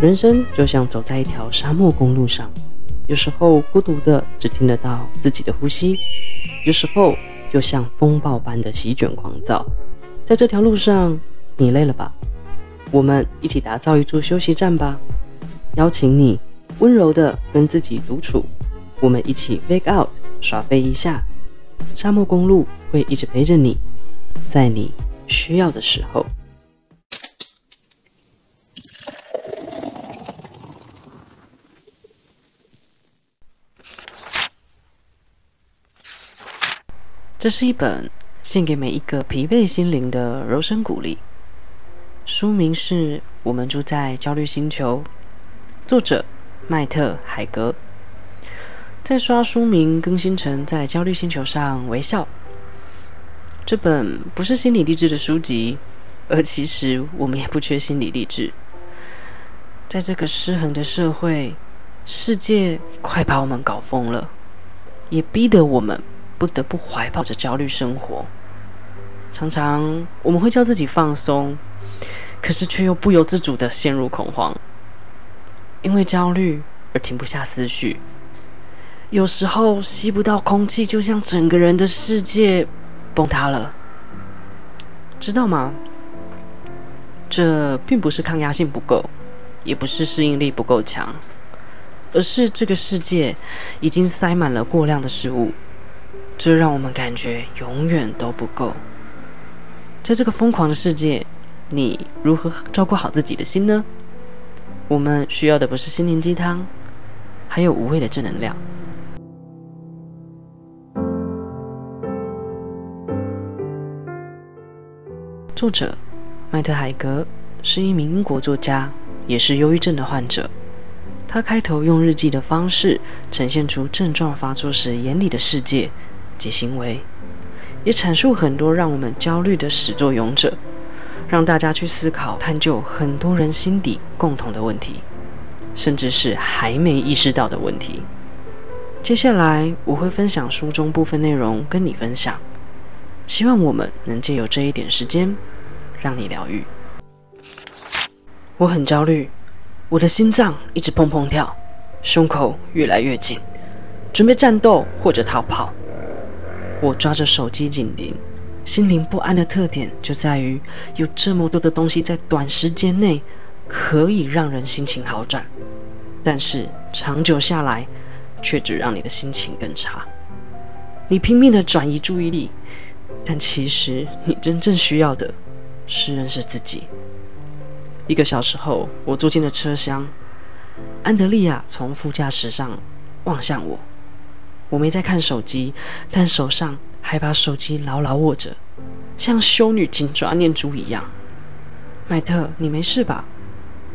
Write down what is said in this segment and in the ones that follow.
人生就像走在一條沙漠公路上，有時候孤獨的只聽得到自己的呼吸，有時候就像風暴般的席捲狂躁。在這條路上，你累了吧？我們一起打造一處休息站吧。邀請你溫柔的跟自己獨處，我們一起 wake out，耍飛一下。沙漠公路會一直陪着你，在你需要的時候。這是一本獻給每一個疲憊心靈的柔聲鼓勵。書名是《我們住在焦慮星球》，作者麥特·海格。再刷書名更新成《在焦慮星球上微笑》。這本不是心理勵志的書籍，而其實我們也不缺心理勵志。在這個失衡的社會，世界快把我們搞瘋了，也逼得我們，不得不懷抱着焦慮生活，常常我們會叫自己放鬆，可是卻又不由自主地陷入恐慌，因為焦慮而停不下思緒，有時候吸不到空氣，就像整個人的世界崩塌了，知道嗎？這並不是抗壓性不夠，也不是適應力不夠強，而是這個世界已經塞滿了過量的事物。這讓我們感覺永遠都不夠。在這個瘋狂的世界，你如何照顧好自己的心呢？我們需要的不是心靈雞湯，還有無謂的正能量。作者麥特海格是一名英國作家，也是憂鬱症的患者。他開頭用日記的方式，呈現出症狀發作時眼裡的世界。及行為，也闡述很多讓我們焦慮的始作俑者，讓大家去思考、探究，很多人心底共同的問題，甚至是還沒意識到的問題。接下來我會分享書中部分內容跟你分享，希望我們能借由這一點時間，讓你療癒。我很焦慮，我的心臟一直砰砰跳，胸口越來越緊，準備戰鬥或者逃跑。我抓着手機緊盯，心靈不安的特點就在於有這麼多的東西在短時間內可以讓人心情好轉，但是長久下來卻只讓你的心情更差。你拼命的轉移注意力，但其實你真正需要的是認識自己。一個小時後，我坐進了車廂，安德利亞從副駕駛上望向我。我沒在看手機，但手上還把手機牢牢握着，像修女緊抓念珠一樣。麥特，你沒事吧？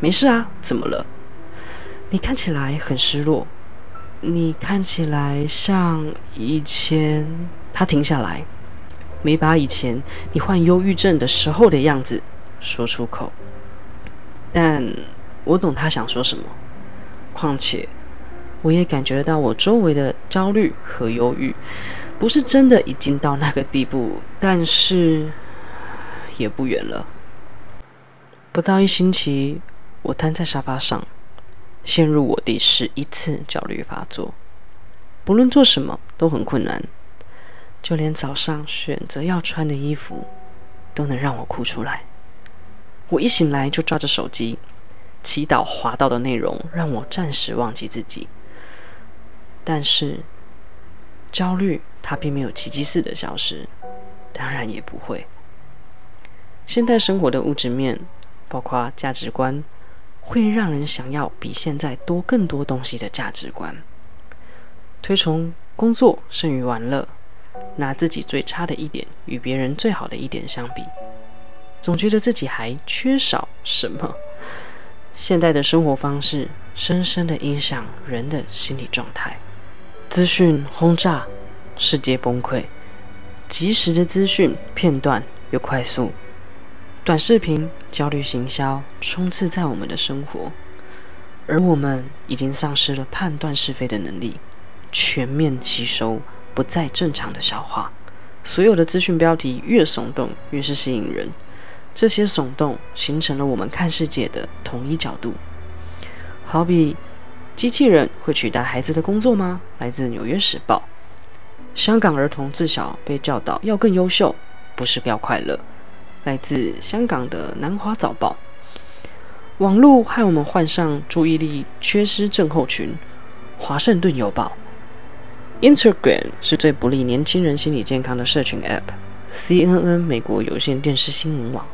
沒事啊，怎麼了？你看起來很失落。你看起來像以前……他停下來，沒把以前你患憂鬱症的時候的樣子說出口，但我懂他想說什麼。況且。我也感覺得到我周圍的焦慮和憂鬱，不是真的已經到那個地步，但是也不遠了。不到一星期，我癱在沙發上，陷入我第十一次焦慮發作。不論做什麼都很困難，就連早上選擇要穿的衣服，都能讓我哭出來。我一醒來就抓着手機，祈禱滑到的內容讓我暫時忘記自己。但是，焦慮它並沒有奇蹟似的消失，當然也不會。現代生活的物質面，包括價值觀，會讓人想要比現在多更多東西的價值觀，推崇工作勝於玩樂，拿自己最差的一點與別人最好的一點相比，總覺得自己還缺少什麼。現代的生活方式深深的影響人的心理狀態。資訊轟炸，世界崩潰，即時的資訊片段又快速，短視頻、焦慮、行銷充斥在我們的生活，而我們已經喪失了判斷是非的能力，全面吸收不再正常的消化，所有的資訊標題越聳動越是吸引人，這些聳動形成了我們看世界的同一角度，好比。機器人會取代孩子的工作嗎？來自《紐約時報》。香港兒童自小被教導要更優秀，不是比較快樂。來自香港的南華早報。網路害我們患上注意力缺失症候群。華盛頓郵報。Instagram 是最不利年輕人心理健康的社群 App。CNN 美國有線電視新聞網。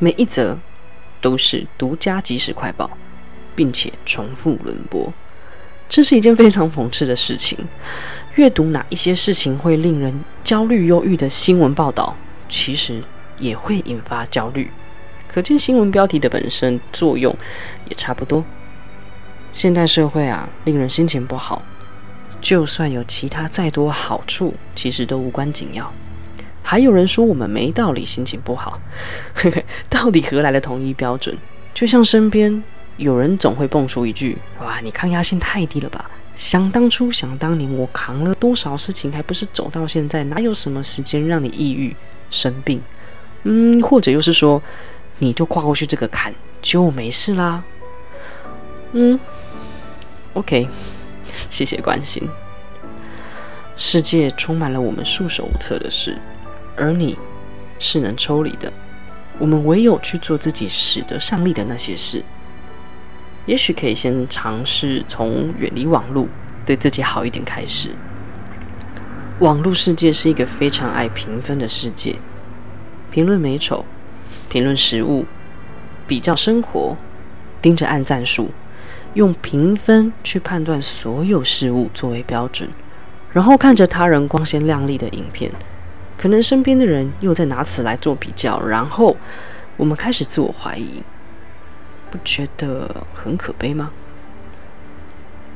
每一則都是獨家即時快報。並且重複輪播，這是一件非常諷刺的事情。閱讀哪一些事情會令人焦慮、憂鬱的新聞報道，其實也會引发焦慮。可見新聞標題的本身作用也差不多。現代社會啊，令人心情不好，就算有其他再多好處，其實都無關緊要。還有人說我們沒道理心情不好， 到底何來的統一標準？就像身邊。有人總會蹦出一句：“哇，你抗壓性太低了吧！”想當初，想當年，我扛了多少事情，還不是走到現在？哪有什麼時間讓你抑鬱、生病？嗯，或者又是說，你就跨過去這個坎，就沒事啦。嗯，OK，謝謝關心。世界充滿了我們束手無策的事，而你是能抽離的。我們唯有去做自己使得上力的那些事。也許可以先嘗試從遠離網絡，對自己好一點開始。網絡世界是一個非常愛評分的世界，評論美醜、評論食物、比較生活、盯着按讚數，用評分去判斷所有事物作為標準，然後看着他人光鮮亮麗的影片，可能身邊的人又在拿此來做比較，然後我們開始自我懷疑。不覺得很可悲嗎？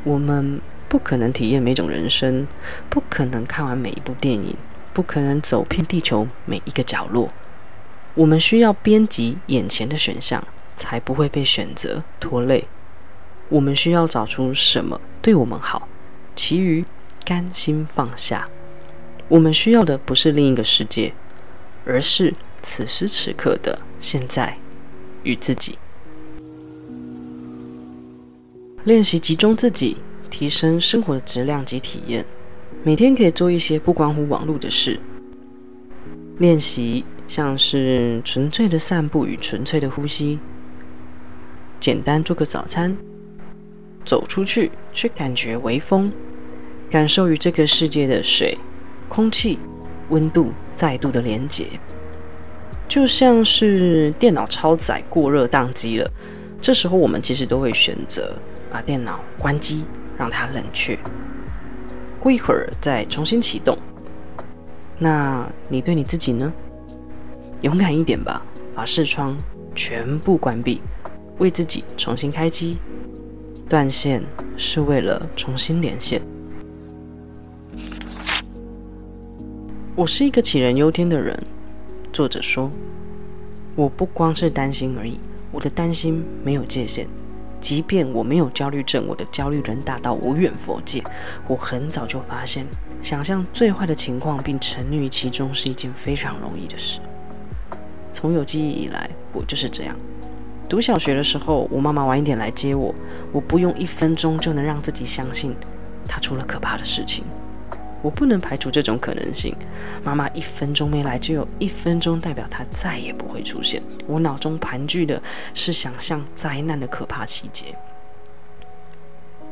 我們不可能體驗每種人生，不可能看完每一部電影，不可能走遍地球每一個角落。我們需要編輯眼前的選項，才不會被選擇拖累。我們需要找出什麼對我們好，其餘甘心放下。我們需要的不是另一個世界，而是此時此刻的現在與自己。練習集中自己，提升生活的質量及體驗。每天可以做一些不關乎網路的事。練習像是純粹的散步與純粹的呼吸，簡單做個早餐，走出去去感覺微風，感受與這個世界的水、空氣、溫度再度的連結。就像是電腦超載過熱當機了，這時候我們其實都會選擇。把電腦關機，讓它冷卻。過一會兒再重新啟動。那你對你自己呢？勇敢一點吧，把視窗全部關閉，為自己重新開機。斷線是為了重新連線。我是一個杞人憂天的人。作者說：“我不光是擔心而已，我的擔心沒有界限。”即便我沒有焦慮症，我的焦慮人大到無遠弗屆。我很早就發現，想象最壞的情況並沉溺於其中是一件非常容易的事。從有記憶以來，我就是這樣。讀小學的時候，我媽媽晚一點來接我，我不用一分鐘就能讓自己相信，她出了可怕的事情。我不能排除這種可能性。媽媽一分鐘沒來，就有一分鐘代表她再也不會出現。我腦中盤踞的是想象災難的可怕細節：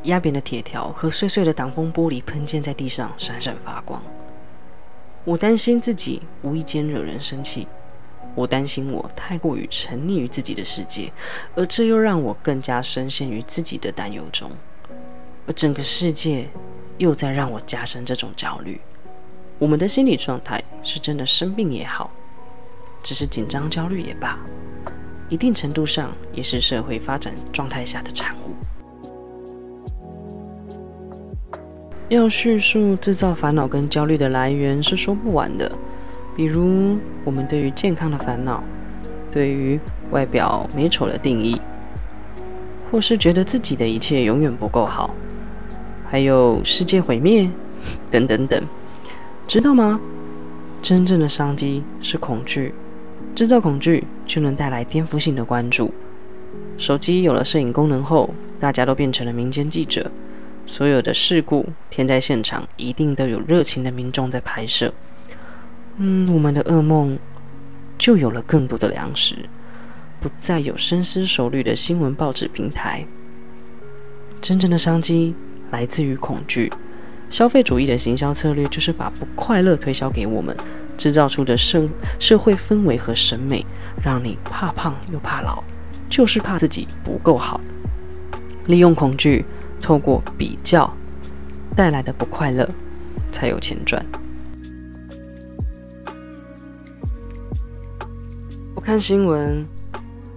壓扁的鐵條和碎碎的擋風玻璃噴濺在地上，閃閃發光。我擔心自己無意間惹人生氣，我擔心我太過於沉溺於自己的世界，而這又讓我更加深陷於自己的擔憂中。而整個世界又在讓我加深這種焦慮。我們的心理狀態是真的生病也好，只是緊張焦慮也罷，一定程度上也是社會發展狀態下的產物。要敘述製造煩惱跟焦慮的來源是說不完的，比如我們對於健康的煩惱，對於外表美醜的定義，或是覺得自己的一切永遠不夠好。還有世界毀滅，等等等，知道嗎？真正的商機是恐懼，制造恐懼就能帶來顛覆性的關注。手機有了攝影功能後，大家都變成了民間記者，所有的事故、天災現場一定都有熱情的民眾在拍攝。嗯，我們的噩夢就有了更多的糧食，不再有深思熟慮的新聞報紙平台。真正的商機，來自於恐懼，消費主義的行銷策略就是把不快樂推銷給我們，製造出的社社會氛圍和審美，讓你怕胖又怕老，就是怕自己不夠好，利用恐懼，透過比較帶來的不快樂，才有錢賺。不看新聞，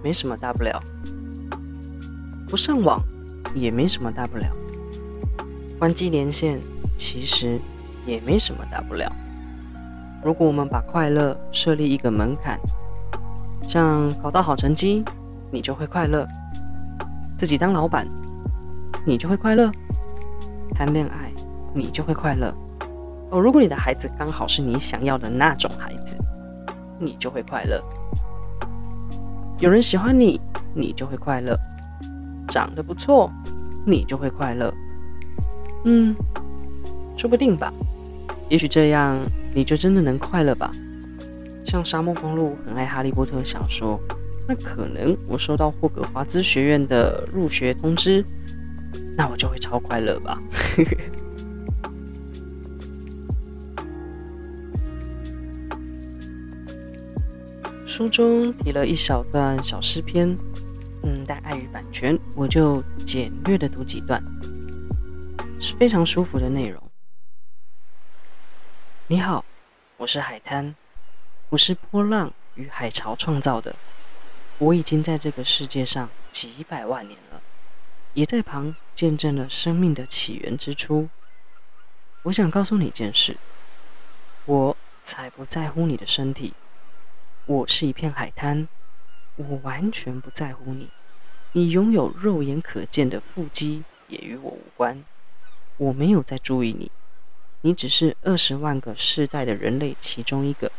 沒什麼大不了；不上網，也沒什麼大不了。關機連線其實也沒什麼大不了。如果我們把快樂設立一個門檻，像考到好成績，你就會快樂；自己當老板，你就會快樂；談戀愛，你就會快樂；哦，如果你的孩子剛好是你想要的那種孩子，你就會快樂；有人喜歡你，你就會快樂；長得不錯，你就會快樂。嗯，說不定吧，也許這樣你就真的能快樂吧。像沙漠公路很愛哈利波特小說，那可能我收到霍格華茲學院的入學通知，那我就會超快樂吧。 書中提了一小段小詩篇，嗯，但礙於版權，我就簡略的讀幾段。非常舒服的內容。你好，我是海灘，我是波浪與海潮創造的。我已經在這個世界上幾百萬年了，也在旁見證了生命的起源之初。我想告訴你一件事，我才不在乎你的身體。我是一片海灘，我完全不在乎你。你擁有肉眼可見的腹肌，也與我無關。我沒有在注意你，你只是二十萬個世代的人類其中一個。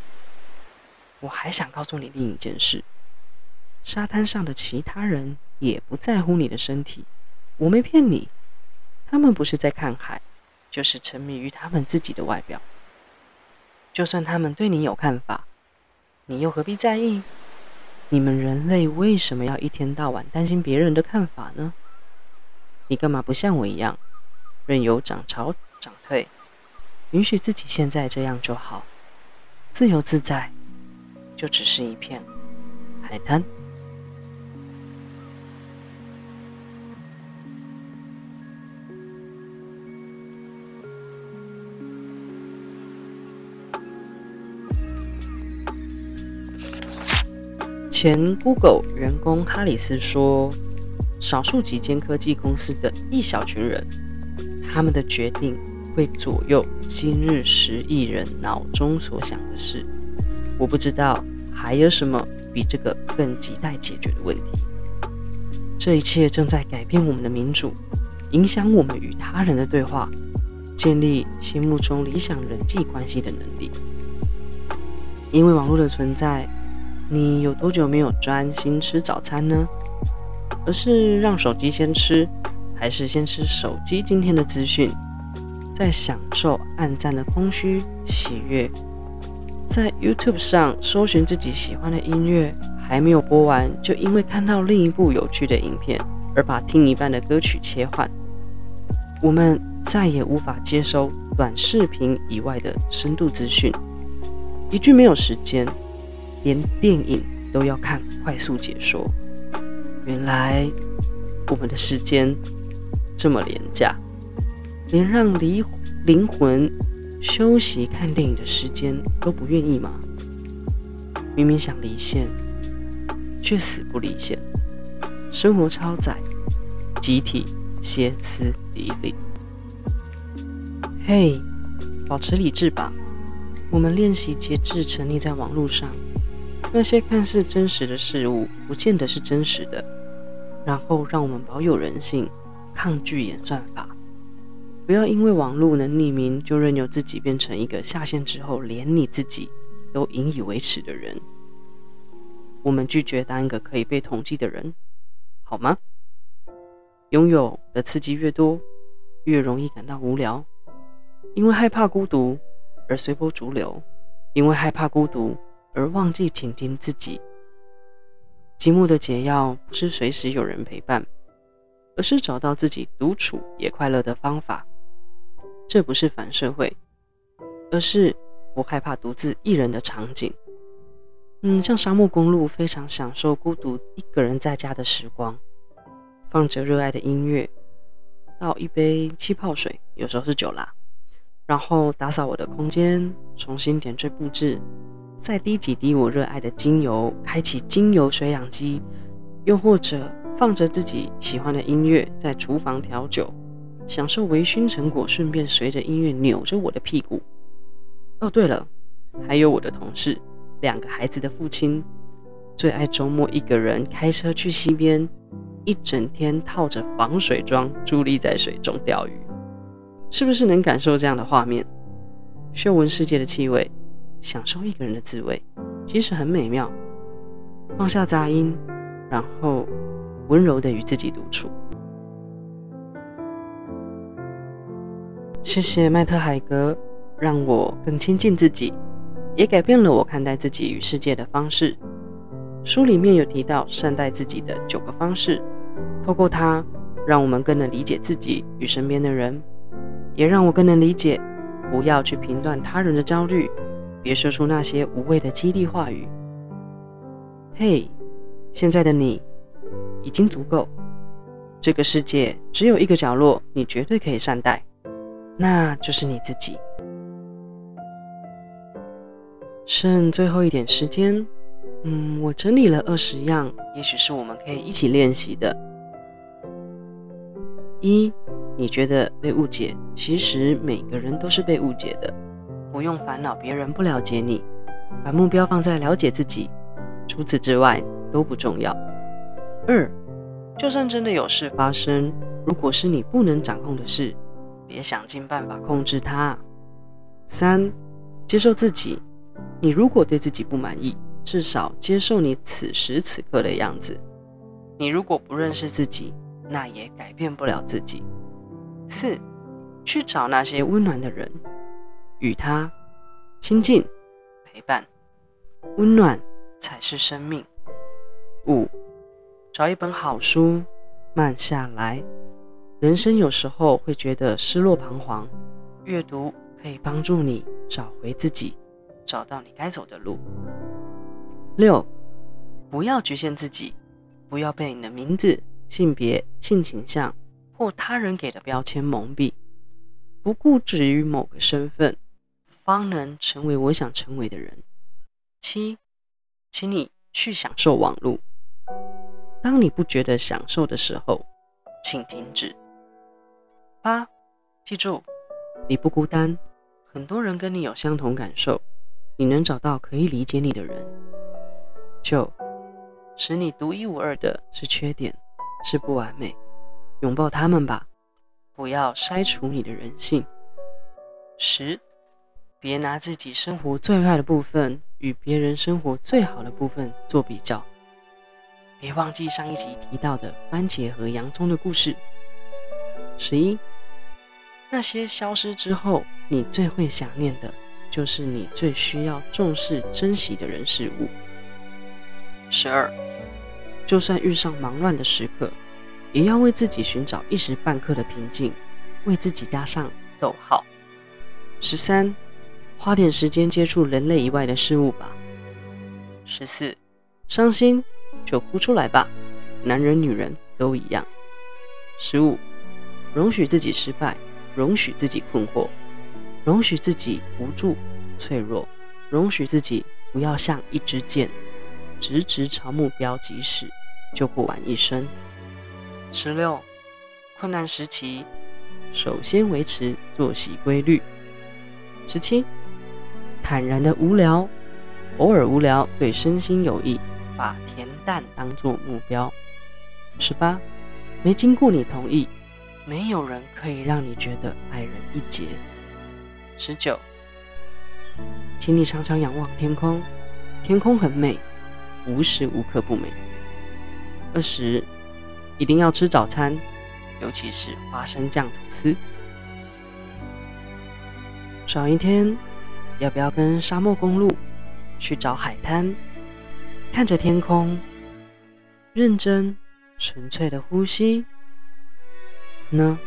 我還想告訴你另一件事：沙灘上的其他人也不在乎你的身體。我沒騙你，他們不是在看海，就是沉迷於他們自己的外表。就算他們對你有看法，你又何必在意？你們人類為什麼要一天到晚擔心別人的看法呢？你幹嘛不像我一樣？任由漲潮漲退，允許自己現在這樣就好，自由自在，就只是一片海灘。前 Google 員工哈里斯說：“少數幾間科技公司的一小群人。”他們的決定會左右今日十億人腦中所想的事。我不知道還有什麼比這個更亟待解決的問題。這一切正在改變我們的民主，影響我們與他人的對話，建立心目中理想人際關係的能力。因為網絡的存在，你有多久沒有專心吃早餐呢？而是讓手機先吃。還是先吃手機今天的資訊，再享受按讚的空虛喜悅。在 YouTube 上搜尋自己喜歡的音樂，還沒有播完，就因為看到另一部有趣的影片而把聽一半的歌曲切換。我們再也無法接收短視頻以外的深度資訊。一句沒有時間，連電影都要看快速解說。原來我們的時間。這麼廉價，連讓離靈魂休息、看電影的時間都不願意嗎？明明想離線，卻死不離線，生活超載，集體歇斯底里。嘿，hey, 保持理智吧，我們練習節制，沉溺在網絡上，那些看似真實的事物，不見得是真實的。然後讓我們保有人性。抗拒演算法，不要因為網絡能匿名就任由自己變成一個下線之後連你自己都引以為恥的人。我們拒絕當一個可以被統計的人，好嗎？擁有的刺激越多，越容易感到無聊。因為害怕孤獨而隨波逐流，因為害怕孤獨而忘記傾聽自己。寂寞的解藥不是隨時有人陪伴。而是找到自己獨處也快樂的方法，這不是反社會，而是不害怕獨自一人的場景。嗯，像沙漠公路，非常享受孤獨一個人在家的時光，放着熱愛的音樂，倒一杯氣泡水，有時候是酒啦，然後打掃我的空間，重新點綴布置，再滴幾滴我熱愛的精油，開啟精油水氧機，又或者。放着自己喜歡的音樂，在廚房調酒，享受微醺成果，順便隨着音樂扭着我的屁股。哦，對了，還有我的同事，兩個孩子的父親，最愛周末一個人開車去溪邊，一整天套着防水裝，佇立在水中釣魚。是不是能感受這樣的畫面？嗅聞世界的氣味，享受一個人的滋味，其實很美妙。放下雜音，然後。溫柔的與自己獨處。謝謝麥特海格，讓我更親近自己，也改變了我看待自己與世界的方式。書裡面有提到善待自己的九個方式，透過它，讓我們更能理解自己與身邊的人，也讓我更能理解，不要去評斷他人的焦慮，別說出那些無謂的激勵話語。嘿，現在的你。已經足夠。這個世界只有一個角落，你絕對可以善待，那就是你自己。剩最後一點時間，嗯，我整理了二十樣，也許是我們可以一起練習的。一，你覺得被誤解，其實每個人都是被誤解的，不用煩惱別人不了解你，把目標放在了解自己，除此之外都不重要。二。就算真的有事發生，如果是你不能掌控的事，別想盡辦法控制它。三、接受自己。你如果對自己不滿意，至少接受你此時此刻的樣子。你如果不認識自己，那也改變不了自己。四、去找那些溫暖的人，與他親近、陪伴，溫暖才是生命。五、找一本好書，慢下來。人生有時候會覺得失落、彷徨，閱讀可以幫助你找回自己，找到你該走的路。六，不要局限自己，不要被你的名字、性別、性傾向或他人給的標籤蒙蔽，不固執於某個身份，方能成為我想成為的人。七，請你去享受網路。當你不覺得享受的時候，請停止。八、記住，你不孤單，很多人跟你有相同感受，你能找到可以理解你的人。九、使你獨一無二的是缺點，是不完美，擁抱他們吧，不要篩除你的人性。十、別拿自己生活最壞的部分與別人生活最好的部分做比較。別忘記上一集提到的番茄和洋蔥的故事。十一，那些消失之後，你最會想念的，就是你最需要重視、珍惜的人事物。十二，就算遇上忙亂的時刻，也要為自己尋找一時半刻的平靜，為自己加上逗號。十三，花點時間接觸人類以外的事物吧。十四，傷心。就哭出來吧，男人女人都一樣。十五，容許自己失敗，容許自己困惑，容許自己無助、脆弱，容許自己不要像一支箭，直直朝目標疾駛，就不完一生。十六，困難時期，首先維持作息規律。十七，坦然的無聊，偶爾無聊對身心有益。把恬淡當作目標。十八，沒經過你同意，沒有人可以讓你覺得矮人一截。十九，請你常常仰望天空，天空很美，無時無刻不美。二十，一定要吃早餐，尤其是花生醬吐司。少一天，要不要跟沙漠公路去找海灘？看着天空，認真純粹的呼吸呢。